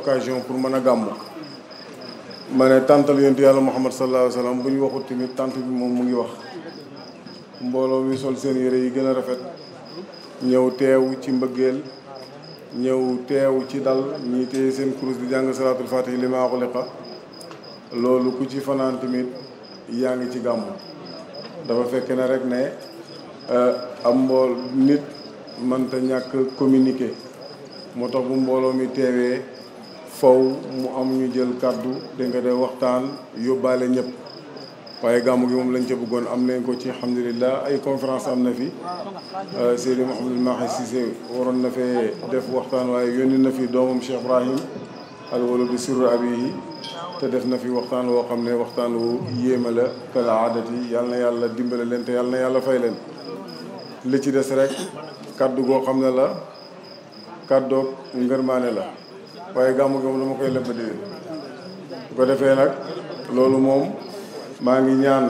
occasion pour mën a gàmmu ma ne tàntal yontu yàlla muhammad sallallahu alayhi wa bu ñu waxut tamit tànt moom mu ngi wax mbooloo mi sol seen yére yi gën a rafet ñëw teew ci mbëggeel ñëw teew ci dal ñii téye seen kurus di jàng salaatul faatihi li maa xuliqa loolu ku ci fanaan tamit yaa ngi ci gàmmu dafa fekk ne rek ne eh, am mbool nit mënta ñàkk communiqué moo tax bu mbooloo mi teewee faw mu am ñu jël kàddu da nga dee waxtaan yóbbaale ñëpp waaye gàmmu gi moom lañ ca bëggoon am nañ ko ci alhamdulilah ay conférence am na fi euh, Seydi Mouhamadou si Cissé waroon na fee def waxtaan waaye yónni na fi doomam Cheikh Ibrahim alwala bi sirru abihi te def na fi waxtaan woo xam ne waxtaan wu yéeme la kala aadati yal na yàlla dimbale leen te yal na yàlla fay leen li ci des rek kàddu goo xam ne la kàddoog ngërmaane la waaye gàmmu gi moom dama koy leb déwén bu ko defee nag loolu moom maa ngi ñaan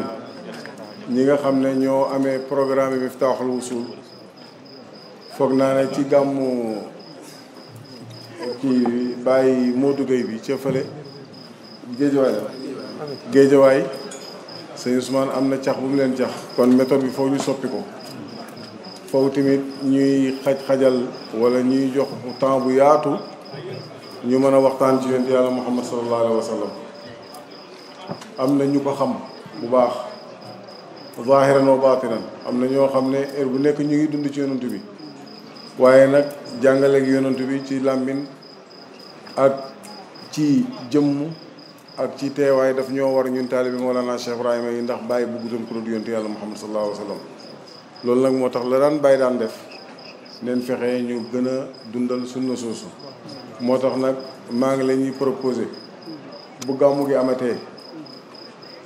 ñi nga xam ne ñoo amee programme bi Miftahoul Wousoul foog naa ne ci gàmmu kii bàyyi moo Gueye bi ca fële géejawaay la géejawaay sëñ Ousmane am na cax bu mu leen cax kon méthode bi foog ñu soppi ko foog tamit ñuy xaj-xajal wala ñuy jox temps bu yaatu ñu mën a waxtaan ci yonent yàlla muhammad sallallahu alayhi wa sallam am na ñu ko xam bu baax zahiran wa batinan am na ñoo xam ne heure bu nekk ñu ngi dund ci yonent bi waaye nag jàngaleeg yonent bi ci làmbin ak ci jëmm ak ci teewaay daf ñoo war ñun taalibi Mawlana Cheikh Ibrahima yi ndax bàyyi bu gutoon ko yonent yàlla muhammad sallallahu alayhi wa loolu nag moo tax la daan bàyyi daan def leen fexe ñu gën a dundal sunna soosu moo tax nag maa ngi leen ñuy proposé bu gàmmu gi amatee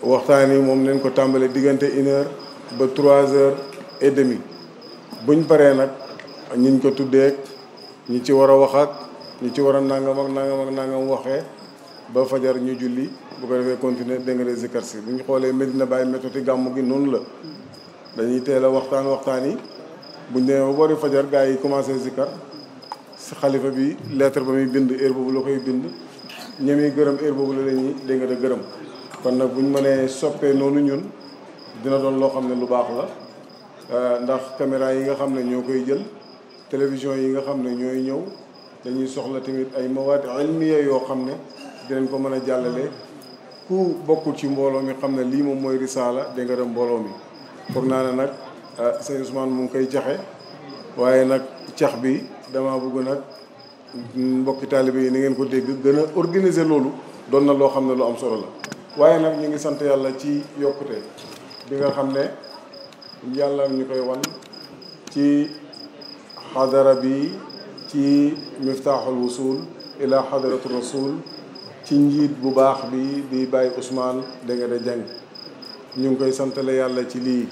waxtaan yi moom leen ko tàmbale diggante une ba trois heures et demi buñ baree nag ñiñ ko tuddee ñu ci war a waxaat ak ci war a nangam ak nangam ak nangam waxee ba fajar ñu julli bu ko defee continuer dégg nga zikar si bu ñu xoolee na bàyyi Baye méthode gàmmu gi noonu la dañuy teel a waxtaan waxtaan yi bu buñ demee ba boori fajar gars yi commencé zikkar si xalifa bi lettre ba muy bind heure boobu la koy bind ñemi gërëm heure boobu la lañuy dégg nga da gërëm kon nag bu buñ mënee soppee noonu ñun dina doon loo xam ne lu baax la euh, ndax caméra yi nga xam ne ñoo koy jël télévision yi nga xam ne ñooy ñëw dañuy soxla tamit ay mawaati ilmiya yoo xam ne dinañ ko mën a jàllale ku bokkul ci mbooloo mi xam ne lii moom mooy risaala da nga dem mbooloo mi foog naa ne nag ah sëñ mu ngi koy jaxe waaye nag cax bi dama bëgg nag mbokki taalibe yi ni ngeen ko dégg gën a organiser loolu doon na loo xam ne lu am solo la waaye nag ñu ngi sant yàlla ci yokkute bi nga xam ne yàlla ñu koy wan ci xadara bi ci miftaaxul wusul ila xadaratu rasul ci njiit bu baax bi di bàyyi Ousmane da nga jàng ñu ngi koy santale yàlla ci lii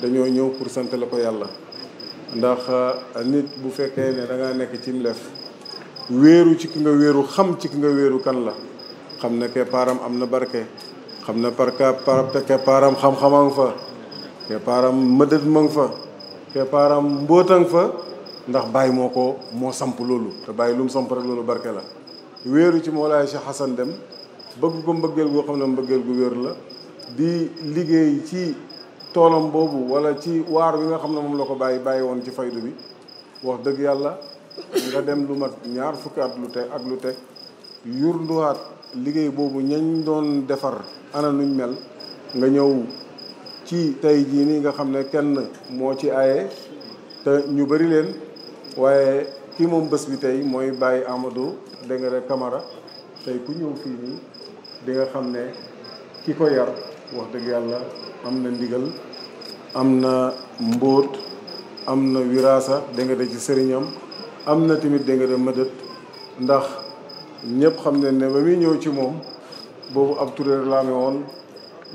dañoo ñëw pour sant la ko yàlla ndax euh, nit bu fekkee ne da nekk ci lef wéeru ci ki nga wéeru xam ci ki nga wéeru kan la xam ne keppaaram am na barke xam ne par keppaaram xam-xamang fa keppaaram mëdët mang fa keppaaram mbóotang fa ndax bàyyi moo ko moo samp loolu te bàyyi lu mu samp rek loolu barke la wéeru ci Mawlaay Cheikh Hassan Deme bëgg ko mbëggeel goo xam ne mbëggeel gu wér la di liggéey ci toolam boobu wala ci waar bi nga xam ne moom la ko bàyyi bàyyi woon ci faydu bi wax dëgg yàlla nga dem lu mat ñaar fukki at lu teg ak lu teg yurduwaat liggéey boobu ñañ doon defar ana nuñ mel nga ñëw ci tey jii nii nga xam ne kenn moo ci aye te ñu bari leen waaye kii moom bés bi tey mooy bàyyi amado Dingare Camara tey ku ñëw fii nii di nga xam ne ki ko yar wax dëgg yàlla am na ndigal am na mbóot am na wiraasa dégg nga ci sëriñam am na tamit dégg nga mëdët ndax ñëpp xam ne ne ba muy ñëw ci moom boobu ab turé laa amee woon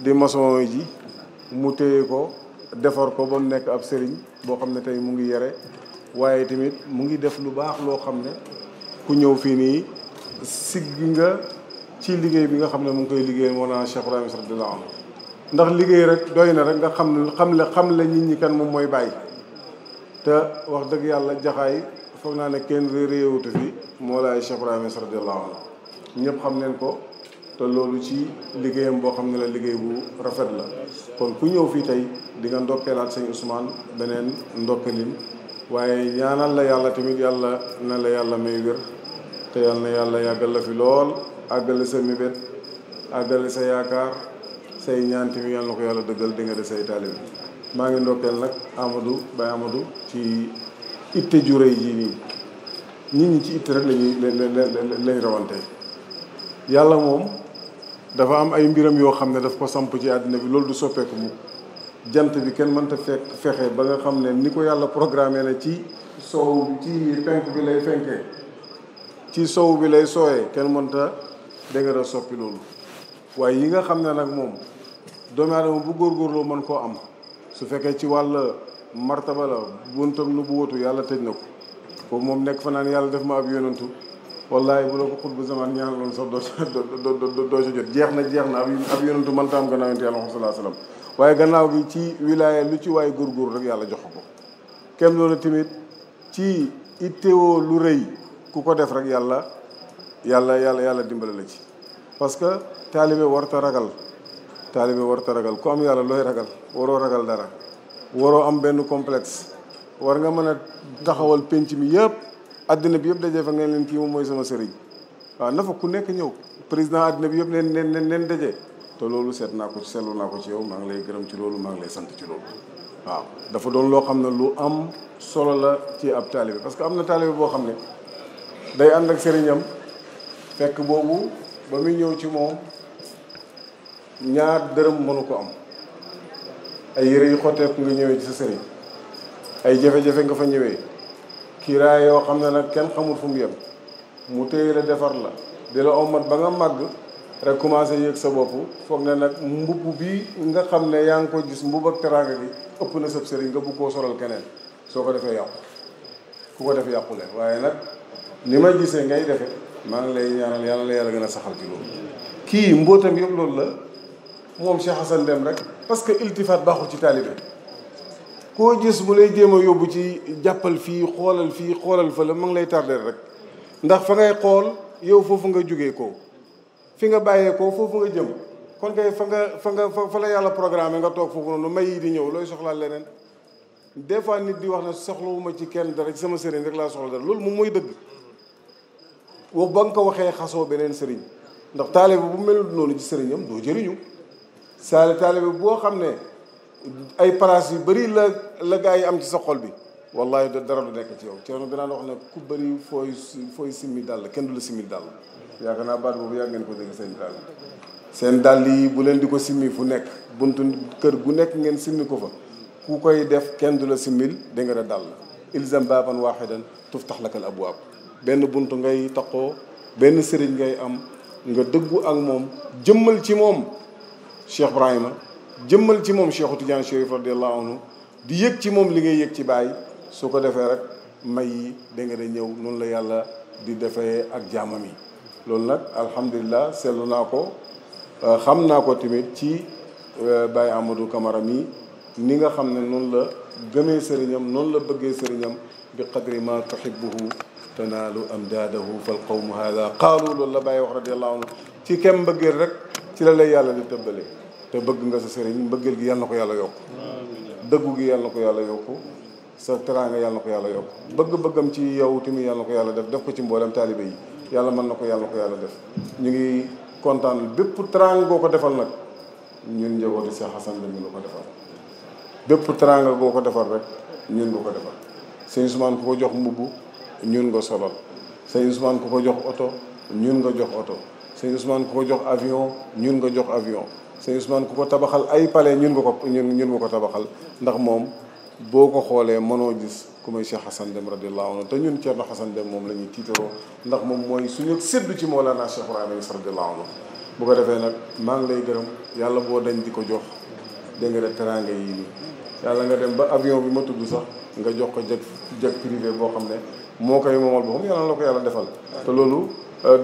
di maçon ji mu téye ko defar ko ba mu nekk ab sëriñ boo xam ne tey mu ngi yare waaye tamit mu ngi def lu baax loo xam ne ku ñëw fii nii siggi nga ci liggéey bi nga xam ne mu ngi koy liggéey moo naan Cheikh Ibrahima radiyallahu anhu ndax liggéey rek doy na rek nga xam xam la xam la nit ñi kan moom mooy bàyyi te wax dëgg yàlla jaxaay foog naa ne kenn réewutu fi Mawlaay Cheikh Ibrahima radiyallahu anhu ñëpp xam leen ko te loolu ci liggéeyam boo xam ne la liggéey bu rafet la kon ku ñëw fii tey di nga ndokkeelaat sëñ Ousmane beneen ndokkelin waaye ñaanal la yàlla tamit yàlla na la yàlla may wér te yàlla yàlla yàggal la fi lool àggale sa mébét àggale sa yaakaar say ñaan tamit yàlla na ko yàlla dëggal dënga de say taalibe maa ngi ndokkeel nag Amadou Baye Amadou ci itte ju rëy jii nii nit ñi ci itte rek lañuy lañ rawante yàlla moom dafa am ay mbiram yoo xam ne daf ko samp ci àddina bi loolu du soppeeku mu jant bi kenn mënta fekk fexe ba nga xam ne ni ko yàlla programmé na ci soow ci penk bi lay fenkee ci soow bi lay sooyee kenn mënta dégg soppi loolu waaye yi nga xam ne nag moom doomu aadama bu góorgóorloo mën koo am su fekkee ci wàll martaba la buntam nu bu wotu yàlla tëj na ko foofu moom nekk fa naan yàlla def ma ab yonantu wallaahi bu la ko xut bu zaman ñaanal woon sax doo doo doo jot jeex na jeex na ab yonantu mënta am gannaaw yonent yàlla ma salaa salaam waaye gannaaw gi ci wilaaya lu ci waay góorgóor rek yàlla jox ko kem loolu tamit ci itteewoo lu rëy ku ko def rek yàlla yàlla yàlla yàlla dimbale la ci parce que taalibe warta ragal taalibe warut a ragal ku am yàlla looy ragal waroo ragal dara waroo am benn complexe war nga mën a taxawal penc mi yëpp àddina bi yëpp dajee fa ngeen leen kii moom mooy sama sëriñ waaw na fa ku nekk ñëw président àddina bi yëpp leen leen leen leen dajee te loolu seet naa ko seetlu naa ko ci yow maa ngi lay gërëm ci loolu maa ngi lay sant ci loolu waaw dafa doon loo xam ne lu am solo la ci ab taalibe parce que am na taalibe boo xam ne day ànd ak sëriñam fekk boobu ba muy ñëw ci moom ñaar dërëm mënu ko am ay yére yu xotteeku nga ñëwee ci sa sëriñ ay jafe-jafe nga fa ñëwee kiiraay yoo xam ne nag kenn xamul fu mu yem mu téye la defar la di la omat ba nga màgg rek commencé yëg sa bopp foog ne nag mbubb bi nga xam ne yaa ngi ko gis mbubb ak teraanga bi ëpp na sëb sëriñ nga bëgg koo solal keneen soo ko defee yàqu ku ko def yàqule waaye nag ni ma gisee ngay defe maa ngi lay ñaanal yàlla la yàlla gën a saxal ci loolu kii mbootam yëpp loolu la moom Cheikh Hassan dem rek parce que iltifaat baaxul ci taalibe koo gis mu lay jéem a yóbbu ci jàppal fii xoolal fii xoolal fële ma ngi lay tardeel rek ndax fa ngay xool yow foofu nga jógee ko fi nga bàyyee ko foofu nga jëm kon kay fa nga fa nga fa la yàlla programme nga toog foofu noonu may yi di ñëw looy soxlaa leneen des fois nit di wax ne soxlawuma ci kenn dara ci sama sëriñ rek laa soxla dara loolu moom mooy dëgg wax ba nga ko waxee xasoo beneen sëriñ ndax taalibe bu melul noonu ci sëriñam doo jëriñu saali taalibe boo xam ne ay place yu bëri la la gaa yi am ci sa xol bi wallahi dara du nekk ci yow Thierno dinaa la wax ne ku bëri fooy fooy simmi dàll kenn du la simmil dàll yaakaar naa baat boobu yàgg ngeen ko dégg seen dàll seen dàll yi bu leen di ko simmi fu nekk buntu kër gu nekk ngeen simmi ko fa ku koy def kenn du la simmil da nga a dàll ilzam baaban waaxidan tuftax lakal abwaab benn bunt ngay taqoo benn sëriñ ngay am nga dëggu ak moom jëmmal ci moom Cheikh Ibrahima jëmmal ci moom Cheikhu Tidiane Chérif radiallahu anhu di yëg ci moom li ngay yëg ci bàyyi su ko defee rek may yi da nga ñëw noonu la yàlla di defee ak jaamam yi loolu nag alhamdulillah seetlu naa ko euh, xam naa ko tamit ci euh, Baye Amadou Camara mi ni nga xam ne noon la gëmee sëriñam noonu la bëggee sëriñam bi qadri ma tuhibbuhu tanaalu amdaadahu fal qawmu hada qaalu loolu la bàyyi wax radiallahu anhu ci kem bëggee rek ci la lay yàlla di tëbbale te bëgg nga sa sëriñ mbëggeel gi yàlla na ko yàlla yokk dëggu gi yàlla ko yàlla yokk sa teraanga yàlla na ko yàlla yokk bëgg-bëggam ci yow tamit yàlla ko yàlla def def ko ci mboolem taalibe yi yàlla mën na ko yàlla ko yàlla def ñu ngi kontaan bépp teraanga boo ko defal nag ñun njabooti Cheikh Hassane Deme nga ko defal bépp teraanga boo ko defal rek ñun nga ko defal sëñ Ousmane ku ko jox mbubb ñun nga solal sëñ Ousmane ku ko jox oto ñun nga jox oto sëñ Ousmane ku ko jox avion ñun nga jox avion sëñ Ousmane ku ko tabaxal ay palais ñun nga ko ñun ñun nga ko tabaxal ndax moom boo ko xoolee mënoo gis ku may Cheikh Hassan Deme radiyallahu anhu te ñun Thierno Hassan dem moom la ñuy tiitaroo ndax moom mooy suñu séddu ci Mawlana Cheikh Ibrahima Niass radiyallahu anhu bu ko defee nag maa ngi lay gërëm yàlla boo dañ di ko jox dégg nga teraanga yi nii yàlla nga dem ba avion bi ma tudd sax nga jox ko jet jet privé boo xam ne moo koy moomal boppam yàlla defal te euh,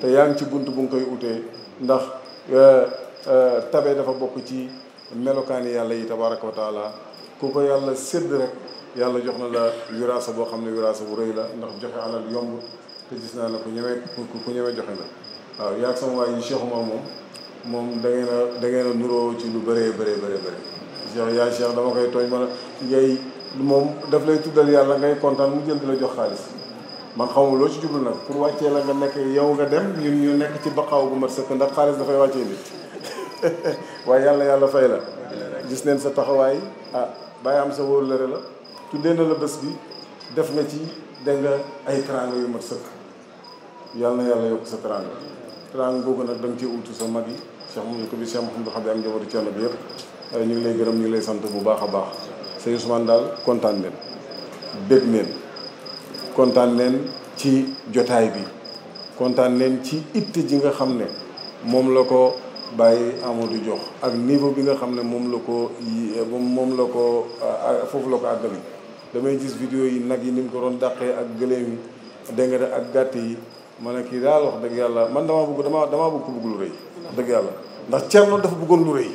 te yaa ngi ci bunt bu nga koy utee ndax eh, eh, tabe dafa bokk ci melokaani yàlla yi tabaraka wa ku ko yàlla sédd rek yàlla jox na la wiraasa boo xam ne wiraasa bu rëy la ndax joxe alal yomb te gis naa ne ku ñemee ku ñemee joxe la waaw yaa sama waay yi Cheikh moom moom da ngeen a da ngeen ci lu bëree bëree bëree bëri Cheikh yaa Cheikh dama koy tooñ ma ne ngay moom daf lay tuddal yàlla ngay kontaan mu jël di la jox xaalis man xawma loo ci jublu nag pour wàccee la nga nekk yow nga dem ñun ñu nekk ci baqaaw bu mat sëkk ndax xaalis dafay wàccee nit waaye yàlla yàlla fay la gis neen sa taxawaay ah bàyyi am sa wóor lëre la tuddee na la bés bi def nga ci da ay teraanga yu mat sëkk yàlla na yàlla yokk sa teraanga teraanga googu nag da nga ci utu sa mag yi Cheikh Mouhamed ko bi Cheikh Mouhamed xam ne am njabootu Thierno bi yëpp ñu ngi lay gërëm ñu ngi lay sant bu baax a baax sëñ Ousmane daal kontaan neen kontaan leen ci jotaay bi kontaan leen ci itte ji nga xam ne moom la ko bàyyi du jox ak niveau bi nga xam ne moom la ko moom la ko foofu la ko àggali damay gis vidéo yi nag yi ni mu ko doon dàqee ak gëléem yi dégg nga ak gàtt yi ma ne kii daal wax dëgg yàlla man damaa bëgg damaa damaa bëgg ko bëgg lu rëy dëgg yàlla ndax Thierno dafa bëggoon lu rëy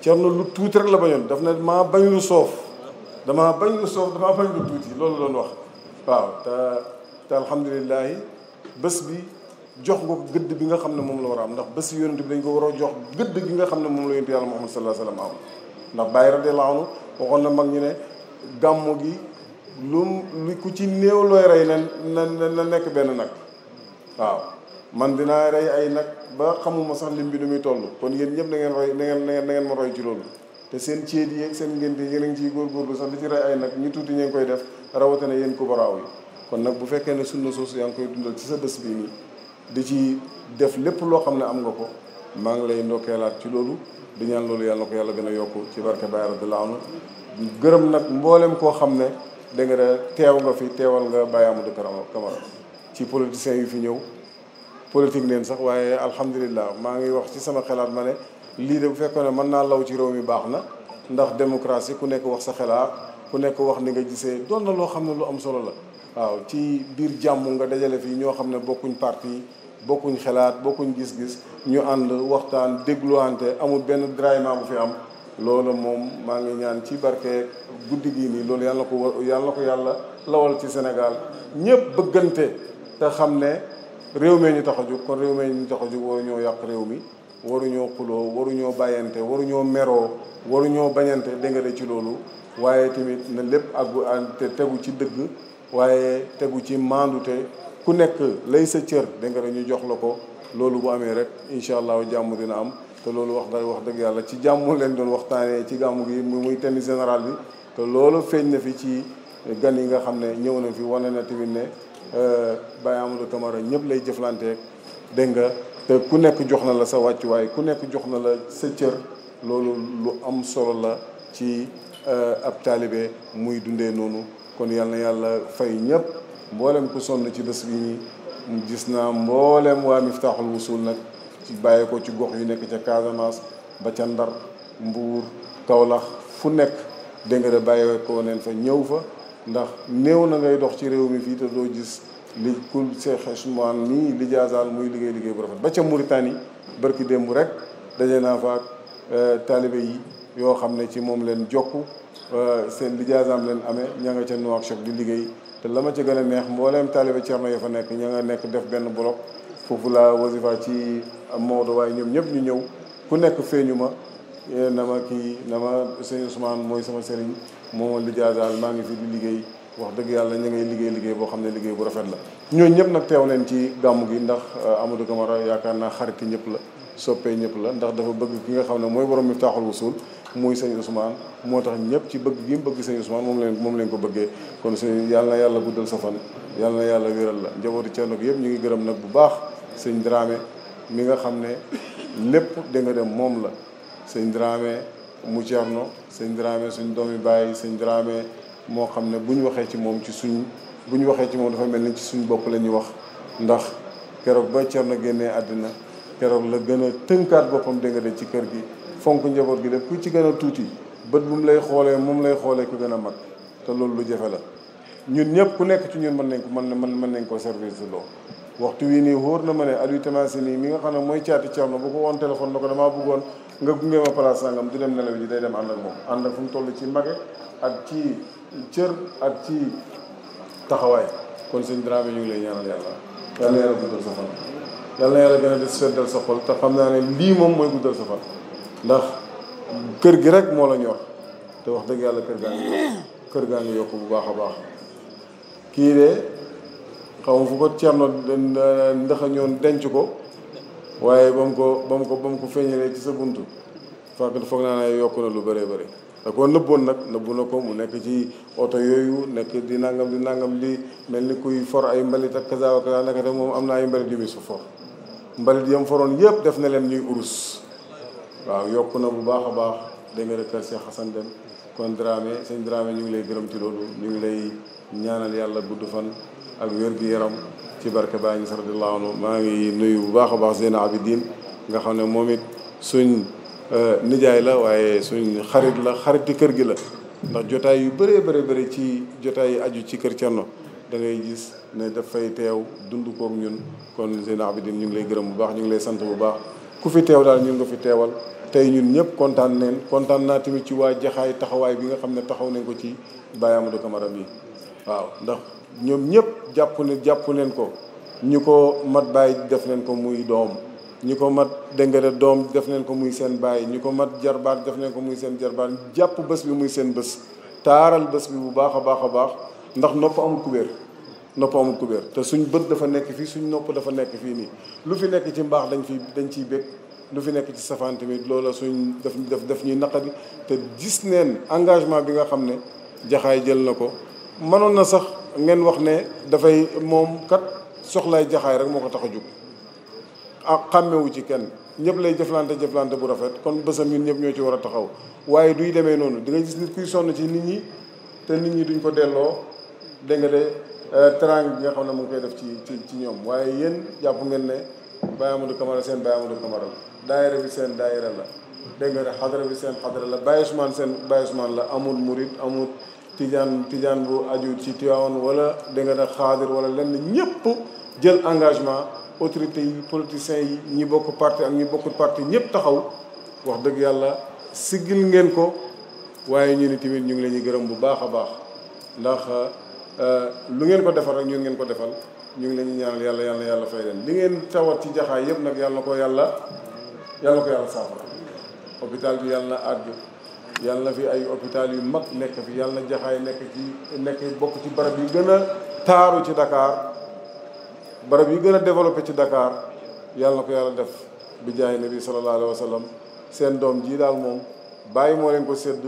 Thierno lu tuuti rek la bañoon daf ne maa bañ lu soof damaa bañ lu soof damaa bañ lu tuuti loolu la wax waaw te te alhamdulilahi bés bi jox nga gëdd bi nga xam ne moom la war a am ndax bés yi yonent bi dañ ko war a jox gëdd gi nga xam ne moom la yonent yàlla Muhammad sallallahu alayhi am ndax bàyyi radiyallahu anhu waxoon na mag ñu ne gàmmu gi lu lu ku ci néew looy rey na na na nekk benn nag waaw man dinaa rey ay nag ba xamuma sax lim bi nu muy toll kon yéen ñëpp na ngeen roy na ngeen na ngeen ma roy ci loolu te seen ceet yi ak seen ngénte yéen a ngi ciy góorgóorlu sax di ci rey ay nag ñu tuuti ñu ngi koy def rawatina yéen kubaraaw yi kon nag bu fekkee ne sunnu soosu yaa ngi koy dundal ci sa bés bii nii di ci def lépp loo xam ne am nga ko maa ngi lay ndokkeelaat ci loolu di ñaan loolu yàlla na ko yàlla gën a yokku ci barke Baay la anhu gërëm nag mboolem koo xam ne da nga teew nga fi teewal nga Baay Amadou Camara ci politiciens yu fi ñëw politique neen sax waaye alhamdulilah maa ngi wax ci sama xalaat ma ne lii de bu fekkoon ne mën naa law ci réew mi baax na ndax démocratie ku nekk wax sa xalaat ku nekk wax ni nga gisee doon na loo xam ne lu am solo la waaw ci biir jàmm nga dajale fii ñoo xam ne bokkuñ parti bokkuñ xalaat bokkuñ gis-gis ñu ànd waxtaan dégluwante amul benn draillement bu fi am loolu moom maa ngi ñaan ci barke guddi gii nii loolu yàlla ko yàlla ko yàlla lawal ci Sénégal ñëpp bëggante te xam ne réew mee ñu tax a jóg kon réew mee ñu tax a jóg waruñoo yàq réew mi waruñoo xuloo waruñoo bàyyante waruñoo meroo waruñoo bañante dégg ci loolu waaye timit na lépp àggu te tegu ci dëgg waaye tegu ci maandute ku nekk lay sa cër dégg nga ñu jox la ko loolu bu amee rek incha allah jàmm dina am te loolu wax da wax dëgg yàlla ci jàmm leen doon waxtaanee ci gàmmu gi muy thème général bi te loolu feeñ na fi ci gan yi nga xam ne ñëw na fi wane na tamit ne euh, Baye Amadou Camara ñëpp lay jëflanteek dégg nga te ku nekk jox na la sa wàccuwaay ku nekk jox na la sa cër loolu lu am solo la ci Euh, ab taalibe muy dunde noonu kon yal yàlla fay ñëpp mboolem ku sonn ci bés bi ñi gis naa mboolem waa Miftaaxul Wusul nag ci bàyyi ko ci gox yu nekk ca Casamance ba ca Ndar Mbuur Kawlax fu nekk dégg nga de bàyyi ko neen fa ñëw fa ndax néew na ngay dox ci réew mi fii te doo gis li kul Cheikh Ousmane nii li jaasaal muy liggéey liggéey bu rafet ba ca yi Mauritanie barki démb rek daje naa fa ak euh, taalibe yi yoo xam ne ci moom leen jokk euh, seen lijaasaam leen amee ña nga ca Nouakchott di liggéey te la ma ci gën a neex mbooleem taalibe Cerno ya fa nekk ña nga nekk def benn bloc foofu la wasifa ci Maodo waaye ñoom ñëpp ñu ñëw ku nekk feeñu ma eh, na ma kii na ma sëñ Ousmane mooy sama sëriñ mooma lijaasaal maa ngi fi di liggéey wax dëgg yàlla ñu ngay liggéey liggéey boo xam ne liggéey bu rafet la ñooñu ñëpp nag teew leen ci gàmmu gi ndax euh, Amadou Camara yaakaar naa xariti ñëpp la soppee ñëpp la ndax dafa bëgg ki nga xam ne mooy borom Miftaaxul Wusuul muy sëñ Ousmane moo tax ñëpp ci bëgg gi mu bëgg sëñ Ousmane moom leen moom leen ko bëggee kon sëñ yàlla na yàlla guddal sa fan yàlla na yàlla wéral la njabootu Cerno bi yëpp ñu ngi gërëm nag bu baax sëñ Dramé mi nga xam ne lépp da dem moom la sëñ Dramé mu Cerno sëñ Dramé suñ doomi bàyyi sëñ Dramé moo xam ne bu ñu waxee ci moom ci suñ bu ñu waxee ci moom dafa mel ni ci suñ bopp la ñuy wax ndax keroog ba Cerno génnee àddina keroog la gën a tënkaat boppam da nga ci kër gi fonk njaboot gi def ku ci gën a tuuti bët bu mu lay xoolee moom lay xoolee ku gën a mag te loolu lu jafe la ñun ñëpp ku nekk ci ñun mën nañ ko mën mën mën nañ ko service loo waxtu wii nii wóor na ma ne Aliou Tamasin nii mi nga xam ne mooy caati Thierno bu ko woon téléphone na ko damaa bëggoon nga gunge ma place sangam du dem nelaw ji day dem ànd ak moom ànd ak fu mu toll ci mage ak ci cër ak ci taxawaay kon sëñ Dramé ñu ngi lay ñaanal yàlla yàlla na yàlla a di seddal sa te xam naa ne lii moom mooy guddal sa fan ndax kër gi rek moo la ñor te wax dëgg yàlla kër gaa ngi kër gaa ngi yokk bu baax a baax kii de xaw ma fu ko cerno eh, ndax ñoon denc ko waaye ba mu ko ba mu ko ba mu ko feeñalee ci sa buntu fàkk foog naa ne yokk na lu bëree bëri da koo nëbboon nag nëbbu na ko mu nekk ci oto yooyu nekk di nangam di nangam li mel ni kuy for ay mbalit ak kaza wa kaza nekkate moom am na ay mbalit yu muy su for mbalit yam foroon yëpp def na leen ñuy urus waaw yokk na bu baax a baax dégg nga kër Cheikh dem kon Dramé sëñ Dramé ñu ngi lay gërëm ci loolu ñu ngi lay ñaanal yàlla gudd fan ak wér gi yaram ci barke bàyyi Ñas radiyallaahu anhu maa ngi nuyu bu baax a baax Zeyna Abidin nga xam ne moom it suñ euh, nijaay la waaye suñ xarit la xariti kër gi la ndax jotaay yu bëree bëri bëri ci jotaay yi aju ci kër Cerno da ngay gis ne dafay teew dund koog ñun kon Zeyna Abidin ñu ngi lay gërëm bu baax ñu ngi lay sant bu baax ku fi teew daal ñun nga fi teewal tey ñun ñëpp kontaan neen kontaan naa tamit ci waa jaxaay taxawaay bi nga xam ne taxaw nañ ko ci Baye Amadou Camara bi waaw ndax ñoom ñëpp jàpp ne jàpp leen ko ñu ko mat bàyyi def leen ko muy doom ñi ko mat déngare doom def leen ko muy seen bàyyi ñi ko mat jarbaat def leen ko muy seen jarbaat jàpp bés bi muy seen bés taaral bés bi bu baax a baax a baax ndax nopp amul kubéer nopp amul kubéer te suñ bët dafa nekk fii suñ nopp dafa nekk fii nii lu fi nekk ci mbaax dañ fi dañ ciy bég lu fi nekk ci safaan tamit loola suñ daf daf daf ñuy naqari te gis neen engagement bi nga xam ne jaxaay jël na ko mënoon na sax ngeen wax ne dafay moom kat soxlaay jaxaay rek moo ko tax a jóg ah xàmmewu ci kenn ñëpp lay jëflante jëflante bu rafet kon bësam ñun ñëpp ñoo ci war a taxaw waaye duy demee noonu di gis nit kuy sonn ci nit ñi te nit ñi duñ ko delloo dégg nga de euh, teraanga bi nga xam ne mu ngi koy def ci ci ci ñoom waaye yéen jàpp ngeen ne Baye Amadou Camara seen Baye Amadou Camara daayira bi seen dayre la dégg nga xadara bi seen xadara la Baye seen Baye Ousmane la amul murit amul tijaan tijaan bu aju ci Tiwaawan wala dégg nga xaadir wala lenn ñëpp jël engagement autorités yi politiciens yi ñi bokk parti ak ñi bokkul parti ñëpp taxaw wax dëgg yàlla siggil ngeen ko waaye ñu ni tamit ñu ngi leen di gërëm bu baax a baax ndax euh, lu ngeen ko defal rek ñun ngeen ko defal ñu ngi leen di ñaanal yàlla yàlla yàlla fay leen li ngeen tawat ci jaxaay yëpp nag yàlla na ko yàlla yàlla ko yàlla saafara hôpital bi yàlla na àgg yàlla na fi ay hôpital yu mag nekk fi yàlla na jaxaay nekk ci nekk bokk ci barab yi gën a taaru ci Dakar barab yi gën a développé ci dakaar yàlla na ko yàlla def bi jaay nabi sallallahu alayhi wa sallam seen doom jii daal moom bàyyi moo leen ko sédd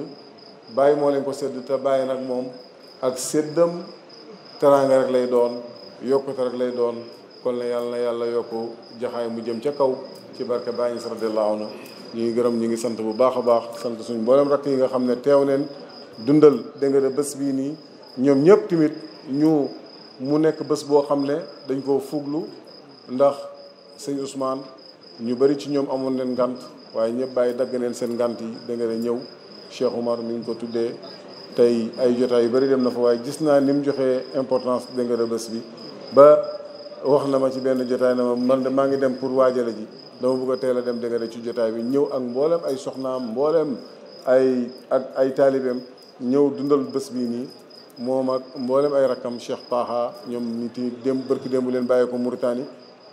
bàyyi moo leen ko sédd te bàyyi nag moom ak séddam teraanga rek lay doon yokkute rek lay doon kon la yàlla na yàlla yokku jaxaay mu jëm ca kaw ci barke Baay Ñas radiyallaahu anhu ñu ngi gërëm ñu ngi sant bu baax a baax sant suñu mboolem rakk yi nga xam ne teew neen dundal dégg nga bés bii nii ñoom ñëpp tamit ñu mu nekk bés boo xam ne dañ koo fuglu ndax sëñ Ousmane ñu bari ci ñoom amoon leen ngant waaye ñëpp bàyyi dagg neen seen ngant yi dégg nga ñëw Cheikh Oumar mi ngi ko tuddee tey ay jotaay yu bari dem na fa waaye gis naa ni mu joxee importance dégg nga bés bi wax na ma ci benn jotaay na ma man de maa ngi dem pour waajale ji dama bëgg a teel a dem dégg ci jotaay bi ñëw ak mboolem ay soxnaam mbooleem ay ak ay taalibeem ñëw dundal bés bii nii moom ak mboolem ay rakkam Cheikh Paha ñoom nit yi dem barki démb leen bàyyeekoo Mauritanie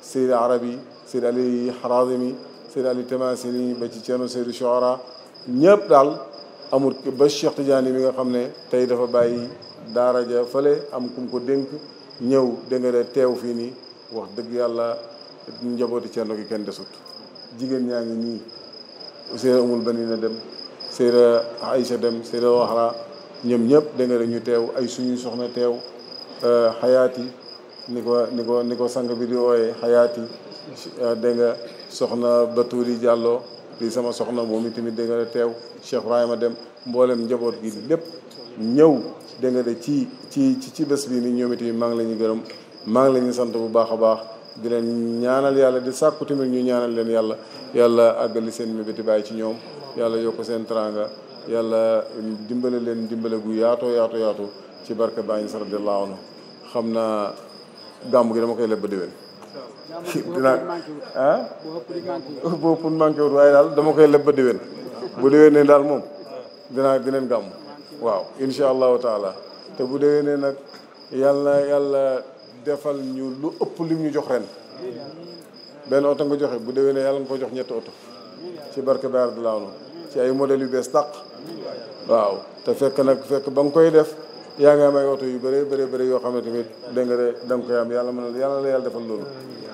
Seydi Arabi Seydi Ali Harazimi Seydi Ali Tamasini ba ci Ceerno Seydi Chouara ñëpp daal amul ba Cheikh Tidiane mi nga xam ne tey dafa bàyyi daara ja fële am kum ko dénk. ñëw da nga teew fii nii wax dëgg yàlla njabooti Thierno gi kenn desut jigéen ñaa ngi nii Seyda Umul Banina dem Seyda Aïcha dem Seyda Waxra ñoom ñëpp da nga ñu teew ay suñu soxna teew xayaat euh, yi ni ko ni ko ni ko sang bi di wooyee xayaat yi euh, nga soxna Batouri jàlloo di sama soxna moom itamit dégg nga teew Cheikh Ibrahima dem mboolem njaboot gi lépp ñëw dégg nga de ci ci ci bés bii ni ñoom itamit maa ngi la ñuy gërëm maa ngi la ñuy sant bu baax a baax di leen ñaanal yàlla di sàkku tamit ñu ñaanal leen yàlla yàlla àggali seen mébéti bàyyi ci ñoom yàlla yokk seen teraanga yàlla dimbale leen dimbale gu yaatoo yaatu yaatu ci barke bàyyi sa radiyallahu anhu xam naa gàmm gi dama koy lebba ba déwén dinaa ah boo pour manqué waaye daal dama koy lebba ba déwén bu déwén ne daal moom dinaa dineen gàmm waaw incha allah taala te bu dee déwénee nag yàlla yàlla defal ñu lu ëpp lu ñu jox ren benn oto nga joxe bu déwénee yàlla nga ko jox ñetti oto ci barke Baar de Laano ci ay modèles yu bees tàq waaw te fekk nag fekk ba nga koy def yaa ngi am ay oto yu bëree bare bëri yoo xam ne tamit dégg nga de da koy am yàlla mën na yàlla la yàlla defal loolu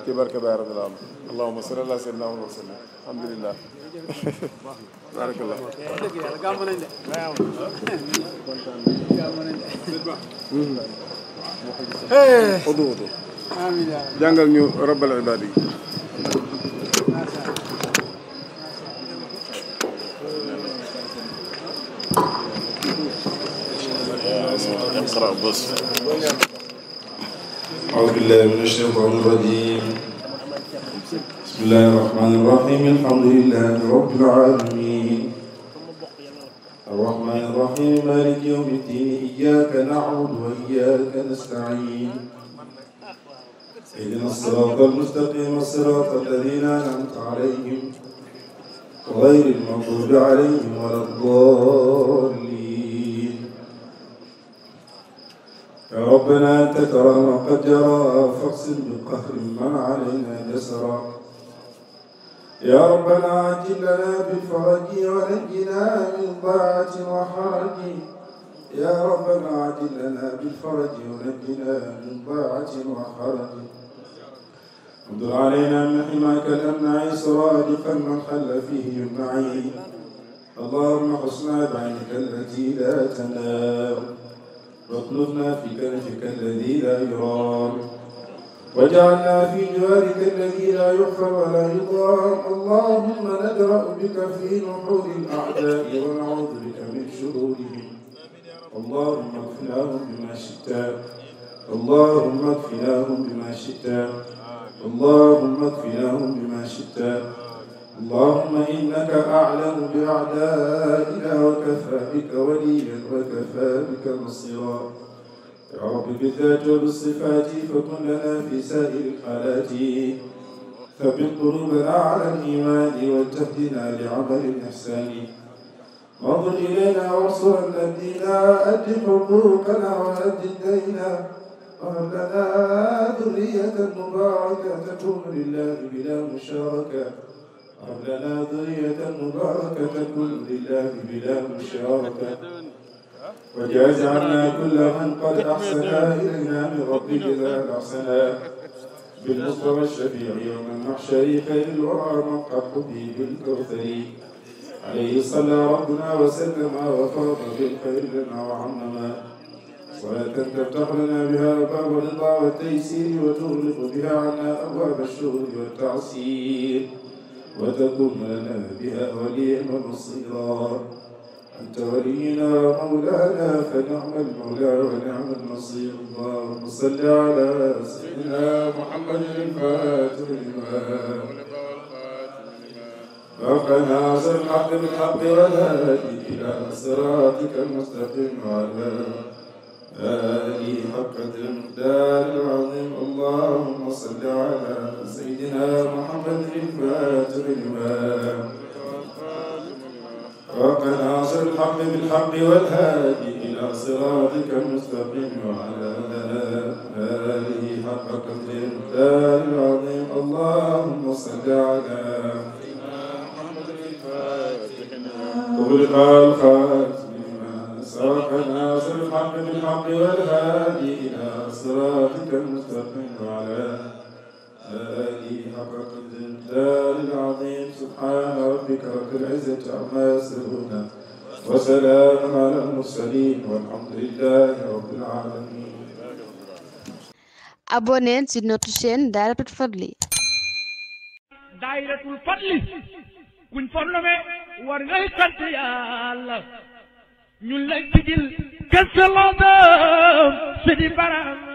ci barke Baar de Laano allahumma salli ala sayyidina wa sallam alhamdulillah barakallah dëgg yàlla gàmm nañ de gàmm nañ de odu odu amiin jàngal ñu rabbal ibaadi اقرأ بس أعوذ بالله من الشيطان الرجيم bismillahi irrahmani irrahim alhamdulilahi rabilalamin arrahmani irrahim maliki yawm iddin iyaka nacbudu wa iyaka nastain اهدنا الصراط المستقيم الصراط الذين انعمت عليهم غير المغضوب عليهم ولا الضالين يا ربنا انت ترى ما قد جرى فاقسم بقهر من علينا جسرا يا ربنا عجل لنا بالفرج ونجنا من ضاعة وحرج يا ربنا عجل لنا بالفرج ونجنا من ضاعة وحرج ودر علينا من حماك الأمنع سرادقا من حل فيه يمنعي اللهم حسنا بعينك التي لا تنام واطلبنا في كنفك الذي لا يرام وجعلنا في جوارك الذي لا يخفى ولا يضام اللهم ندرأ بك في نحور الأعداء ونعوذ بك من شرورهم اللهم اكفناهم بما شئت اللهم اكفناهم بما شئت اللهم اكفناهم بما شئت اللهم إنك أعلم بأعدائنا وكفى بك وليا وكفى بك نصيرا تعود بالذات وبالصفات فكن لنا في سائر الحالات فبالقلوب أعلى الإيمان واتهدنا لعمل الإحسان وانظر إلينا وانصر الذينا أد حقوقنا وأد دينا وهب لنا ذرية مباركة تكون لله بلا مشاركة وهب لنا ذرية مباركة تكون لله بلا مشاركة وجاز عنا كل من قد أحسنا إلينا من ربك إذا أحسنا بالمصطفى الشفيع يوم المحشر خير الورى من قد قضي بالكوثر عليه صلى ربنا وسلم وفاض بالخير لنا وعمنا صلاة تفتح لنا بها باب الرضا والتيسير وتغلق بها عنا أبواب الشغل والتعسير وتكون لنا بها وليا ونصيرا أنت ولينا مولانا فنعم المولى ونعم النصير اللهم صل على سيدنا محمد الفاتح لما ربنا أرسل الحق بالحق والهادي إلى صراطك المستقيم وعلى آله حق المقدار العظيم اللهم صل على سيدنا محمد الفاتح لما ربنا أنزل الحق بالحق والهادي إلى صراطك المستقيم وعلى آله حق قدره العظيم اللهم صل على وسلام على المرسلين والحمد لله رب العالمين abonnez sur notre chaîne Dahiratoul Fadly Dahiratoul Fadly kuñ fornome war ngay sant Yàlla ñun lay digil kasalaam sidi baram